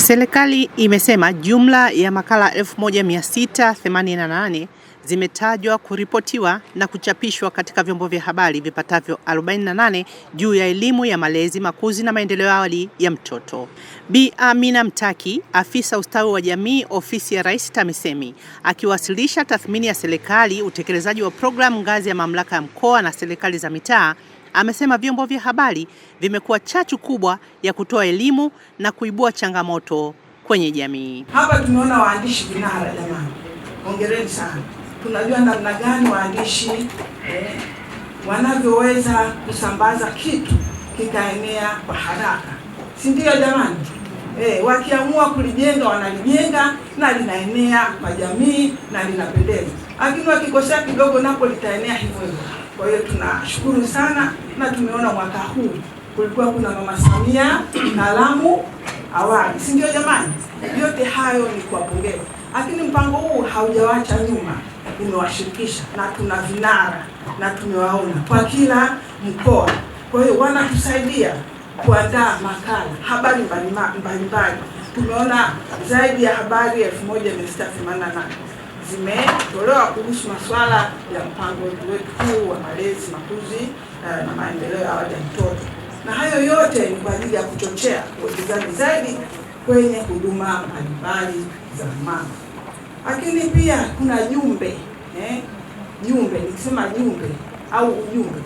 Serikali imesema jumla ya makala 1688 zimetajwa kuripotiwa na kuchapishwa katika vyombo vya habari vipatavyo 48 juu ya elimu ya malezi, makuzi na maendeleo ya awali ya mtoto. Bi Amina Mtaki, afisa ustawi wa jamii, ofisi ya Rais TAMISEMI, akiwasilisha tathmini ya serikali utekelezaji wa programu ngazi ya mamlaka ya mkoa na serikali za mitaa Amesema vyombo vya habari vimekuwa chachu kubwa ya kutoa elimu na kuibua changamoto kwenye jamii. Hapa tumeona waandishi vinara, jamani, hongereni sana. Tunajua namna gani waandishi eh, wanavyoweza kusambaza kitu kikaenea kwa haraka, si ndio jamani? Eh, wakiamua kulijenga wanalijenga na linaenea kwa jamii na linapendeza, lakini wakikosea kidogo, napo litaenea hivyo hivyo. Kwa hiyo tunashukuru sana na tumeona mwaka huu kulikuwa kuna Mama Samia na Lamu awali, si ndio jamani? Yote hayo ni kuwapongeza, lakini mpango huu haujawacha nyuma, umewashirikisha na tuna vinara na tumewaona kwa kila mkoa. Kwa hiyo wanatusaidia kuandaa makala habari mbalimbali, tumeona zaidi ya habari elfu moja mia sita themanini na nane zimetolewa kuhusu masuala ya mpango wetu wa malezi, makuzi eh, na maendeleo ya awali ya mtoto, na hayo yote ni kwa ajili ya kuchochea uwekezaji zaidi kwenye huduma mbalimbali za mama. Lakini pia kuna jumbe eh, jumbe nikisema jumbe au ujumbe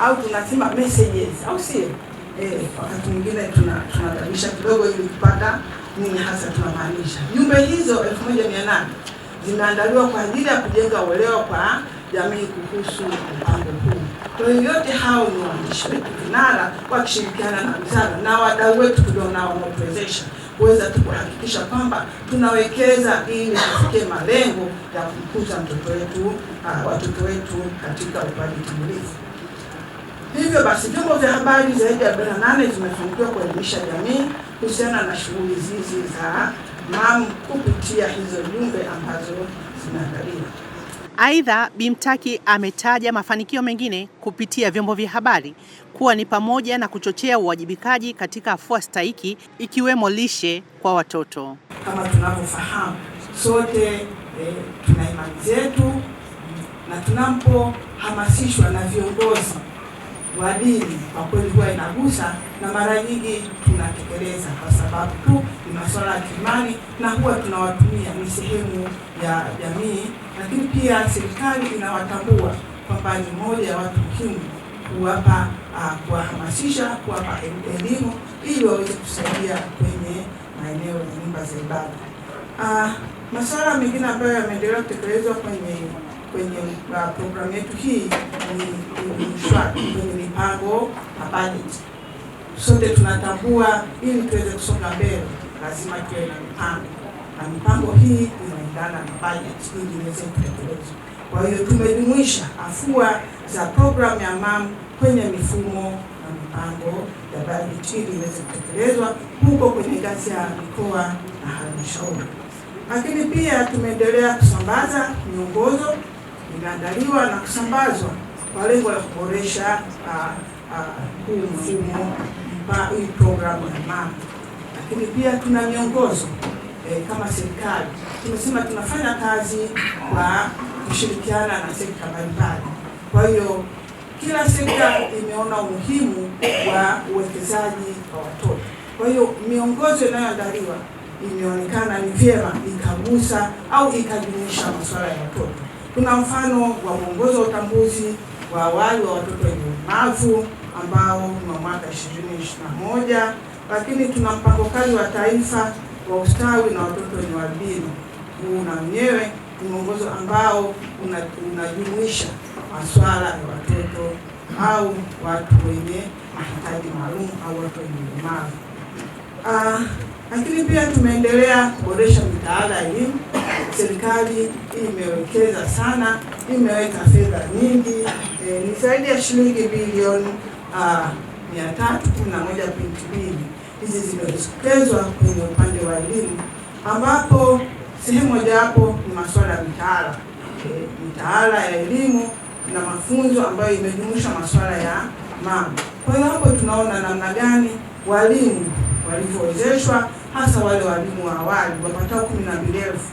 au tunasema messages au sio? Eh, wakati mwingine tunabadilisha tuna kidogo ili kupata nini hasa tunamaanisha. Jumbe hizo elfu moja mia nane zinaandaliwa kwa ajili ya kujenga uelewa kwa jamii kuhusu mpango huu. Kwa hiyo yote hao ni waandishi wetu vinara wakishirikiana na wizara na wadau wetu tulionao wanaotuwezesha kuweza tu kuhakikisha kwamba tunawekeza ili tufikie malengo ya kukuza mtoto wetu ah, watoto wetu katika upaji timilifu. Hivyo basi vyombo vya habari zaidi ya 48 zimefanikiwa kuelimisha jamii kuhusiana na shughuli hizi za maalum kupitia hizo jumbe ambazo zinaangaliwa. Aidha, Bimtaki ametaja mafanikio mengine kupitia vyombo vya habari kuwa ni pamoja na kuchochea uwajibikaji katika afua stahiki ikiwemo lishe kwa watoto. Kama tunavyofahamu sote eh, tuna imani zetu na tunapohamasishwa na viongozi wa dini kwa kweli huwa inagusa na mara nyingi tunatekeleza kwa sababu tu ni masuala ya kiimani, na huwa tunawatumia ni sehemu ya jamii, lakini pia serikali inawatambua kwamba ni moja ya watu muhimu kuwapa ah, kuwahamasisha, kuwapa elimu ili waweze kusaidia kwenye maeneo ya nyumba za ibada. Ah, masuala mengine ambayo yameendelea kutekelezwa kwenye kwenye uh, programu yetu hii kwenye mipango na bajeti. Sote tunatambua ili tuweze kusonga mbele lazima tuwe na mipango, na mipango hii inaendana na bajeti ili iweze kutekelezwa. Kwa hiyo tumejumuisha afua za programu ya MAM kwenye mifumo na mipango ya bajeti ili iweze kutekelezwa huko kwenye ngazi ya mikoa na halmashauri. Lakini pia tumeendelea kusambaza miongozo inaandaliwa na kusambazwa kwa lengo la kuboresha huu ah, ah, mfumo hii programu ya mama. Lakini pia tuna miongozo e, kama serikali tumesema tunafanya kazi kwa kushirikiana na sekta mbalimbali. Kwa hiyo kila sekta imeona umuhimu wa uwekezaji wa watoto. Kwa hiyo miongozo inayoandaliwa imeonekana ni vyema ikagusa au ikajumuisha masuala ya watoto. Tuna mfano wa mwongozo wa utambuzi wa awali wa watoto wenye ulemavu ambao ni wa mwaka 2021, lakini tuna mpango kazi wa taifa wa ustawi na watoto wenye ualbino. Huu na wenyewe ni mwongozo ambao unajumuisha una masuala ya watoto au watu wenye mahitaji maalum au watu wenye ulemavu. Ah, lakini pia tumeendelea kuboresha mitaala ya elimu serikali imewekeza sana, imeweka fedha nyingi e, ni zaidi ya shilingi bilioni mia tatu kumi na moja pointi mbili hizi zimeelekezwa kwenye upande wa elimu, ambapo sehemu mojawapo ni masuala ya mitaala e, mitaala ya elimu na mafunzo ambayo imejumuisha masuala ya mama. Kwa hiyo hapo tunaona namna gani walimu walivyowezeshwa hasa wale walimu wa awali wapatao kumi na mbili elfu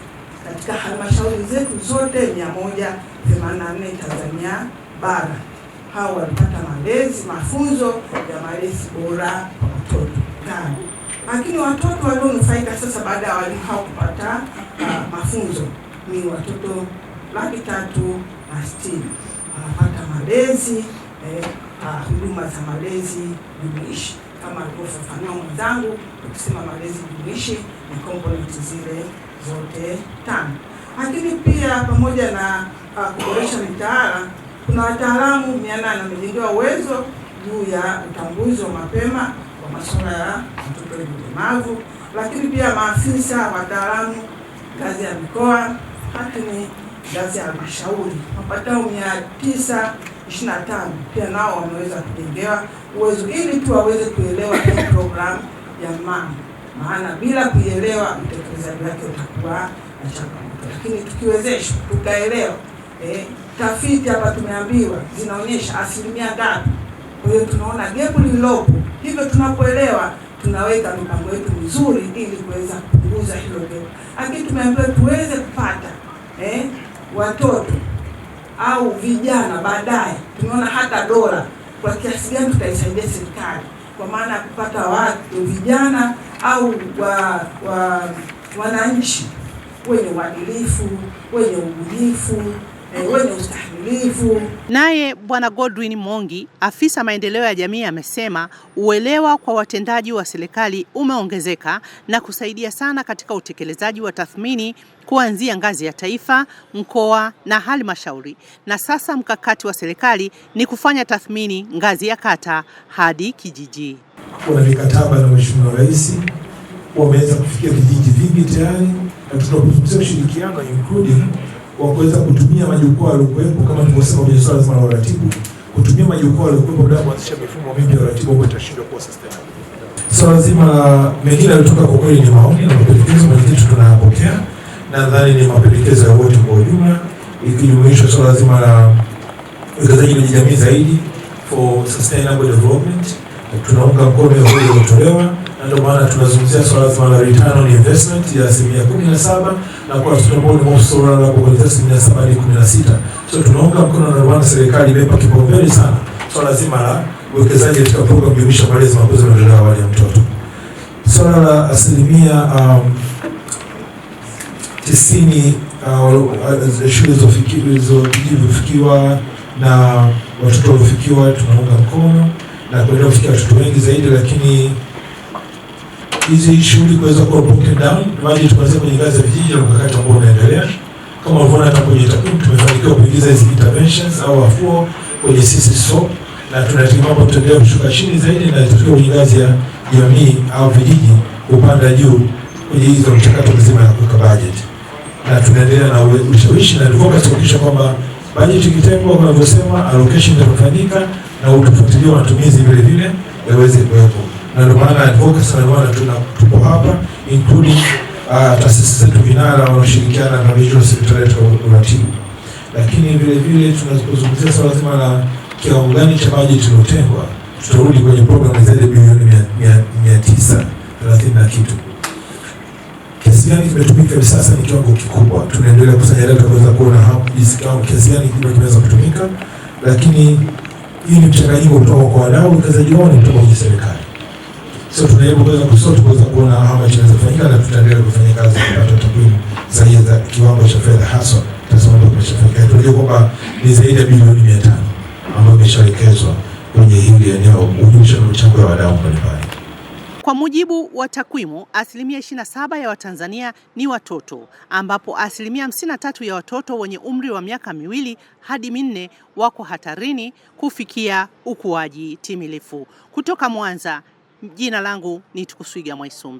katika halmashauri zetu zote 184 Tanzania bara. Hao walipata malezi, mafunzo ya malezi bora kwa watoto ndani lakini watoto walionufaika sasa baada ya walimu hao kupata uh, mafunzo ni watoto laki tatu na sitini wanapata malezi eh, uh, huduma za malezi jumuishi kama alivyofafanua mwenzangu, tukisema malezi jumuishi ni komponenti zile zote tano. Lakini pia pamoja na uh, kuboresha mitaala, kuna wataalamu mia nane wamejengewa uwezo juu ya utambuzi wa mapema wa masuala ya mtoto wenye ulemavu, lakini pia maafisa wataalamu ngazi ya mikoa, lakini ngazi ya halmashauri wapatao mia tisa ishirini na tano pia nao wameweza kujengewa uwezo ili tu waweze kuelewa hii programu ya mama maana bila kuielewa utekelezaji wake utakuwa na changamoto, lakini tukiwezeshwa tukaelewa. Eh, tafiti hapa tumeambiwa zinaonyesha asilimia ngapi. Kwa hiyo tunaona gepu lililopo, hivyo tunapoelewa tunaweka mipango yetu mizuri ili kuweza kupunguza hilo gepu. Lakini tumeambiwa tuweze kupata eh, watoto au vijana baadaye, tumeona hata dola kwa kiasi gani tutaisaidia serikali kwa maana ya kupata watu vijana au wa, wa wananchi wenye uadilifu wenye ubunifu Naye Bwana Godwin Mongi, afisa maendeleo ya jamii, amesema uelewa kwa watendaji wa serikali umeongezeka na kusaidia sana katika utekelezaji wa tathmini kuanzia ngazi ya taifa, mkoa na halmashauri, na sasa mkakati wa serikali ni kufanya tathmini ngazi ya kata hadi kijiji. Kuna mikataba na Mheshimiwa Rais wameweza kufikia vijiji vingi tayari na tunapozungumzia ushirikiano including wa kuweza kutumia majukwaa yaliyokuwepo kama tulivyosema kwenye swala zima la uratibu, kutumia majukwaa yaliyokuwepo bila kuanzisha mifumo mipya ya uratibu ambayo itashindwa kuwa sustainable. Swala zima la mengine yalitoka kwa kweli ni maoni na mapendekezo, mwenyekiti, tunayapokea. Nadhani ni mapendekezo ya wote kwa ujumla, ikijumuisha swala zima la uwekezaji kwenye jamii zaidi for sustainable development tunaunga mkono hiyo iliyotolewa, na ndio maana tunazungumzia swala zima la return on investment ya asilimia kumi na saba na kwa watoto ambao ni mofu la kuongeza asilimia saba hadi kumi na sita So tunaunga mkono, na ndio serikali imepa kipaumbele sana swala so, zima la uwekezaji katika programu jumuisha kwa malezi, makuzi na maendeleo ya awali ya mtoto. Swala so, la asilimia um, tisini uh, shule zofikiwa na watoto waliofikiwa tunaunga mkono na kuenda kufikia watoto wengi zaidi, lakini hizi shughuli kuweza kuwa broken down maji tuanze kwenye ngazi ya vijiji na mkakati ambao unaendelea. Kama unavyoona hata kwenye takwimu tumefanikiwa kuingiza hizi interventions au wafuo kwenye sisi so na tunategemea kwamba tutaendelea kushuka chini zaidi na tufikie kwenye ngazi ya jamii au vijiji kupanda juu kwenye hizo mchakato mzima ya kuweka budget, na tunaendelea na ushawishi na advocacy kuhakikisha kwamba budget ikitengwa, kama nilivyosema, allocation itafanyika na utafuatilia matumizi vile vile yaweze kuwepo, na ndio maana advocacy na maana tuna tupo hapa including uh, taasisi zetu vinara wanashirikiana na Visual Secretariat kwa uratibu, lakini vile vile tunazungumzia swala zima la kiwango gani cha bajeti iliyotengwa. Tutarudi kwenye programu zaidi ya bilioni 930 na kitu kiasi gani kimetumika hivi sasa ni kiwango kikubwa. Tunaendelea kusanya data kuweza kuona hapo jinsi kiasi gani kimeweza kutumika, lakini hii ni mchanganyiko kutoka kwa wadau wekezaji wao, ni kutoka kwenye serikali. So tunajaribu kuweza kusote kuweza kuona hama chinaweza kufanyika, na tutaendelea kufanya kazi kupata takwimu sahihi za kiwango cha fedha haswa kinachofanyika. Yaani tunajua kwamba ni zaidi ya bilioni mia tano ambayo imeshawekezwa kwenye hili eneo, ujumlisha mchango wa wadau mbalimbali. Kwa mujibu wa takwimu, asilimia 27 ya Watanzania ni watoto, ambapo asilimia 53 ya watoto wenye umri wa miaka miwili hadi minne wako hatarini kufikia ukuaji timilifu. Kutoka Mwanza, jina langu ni Tukuswiga Mwaisumbe.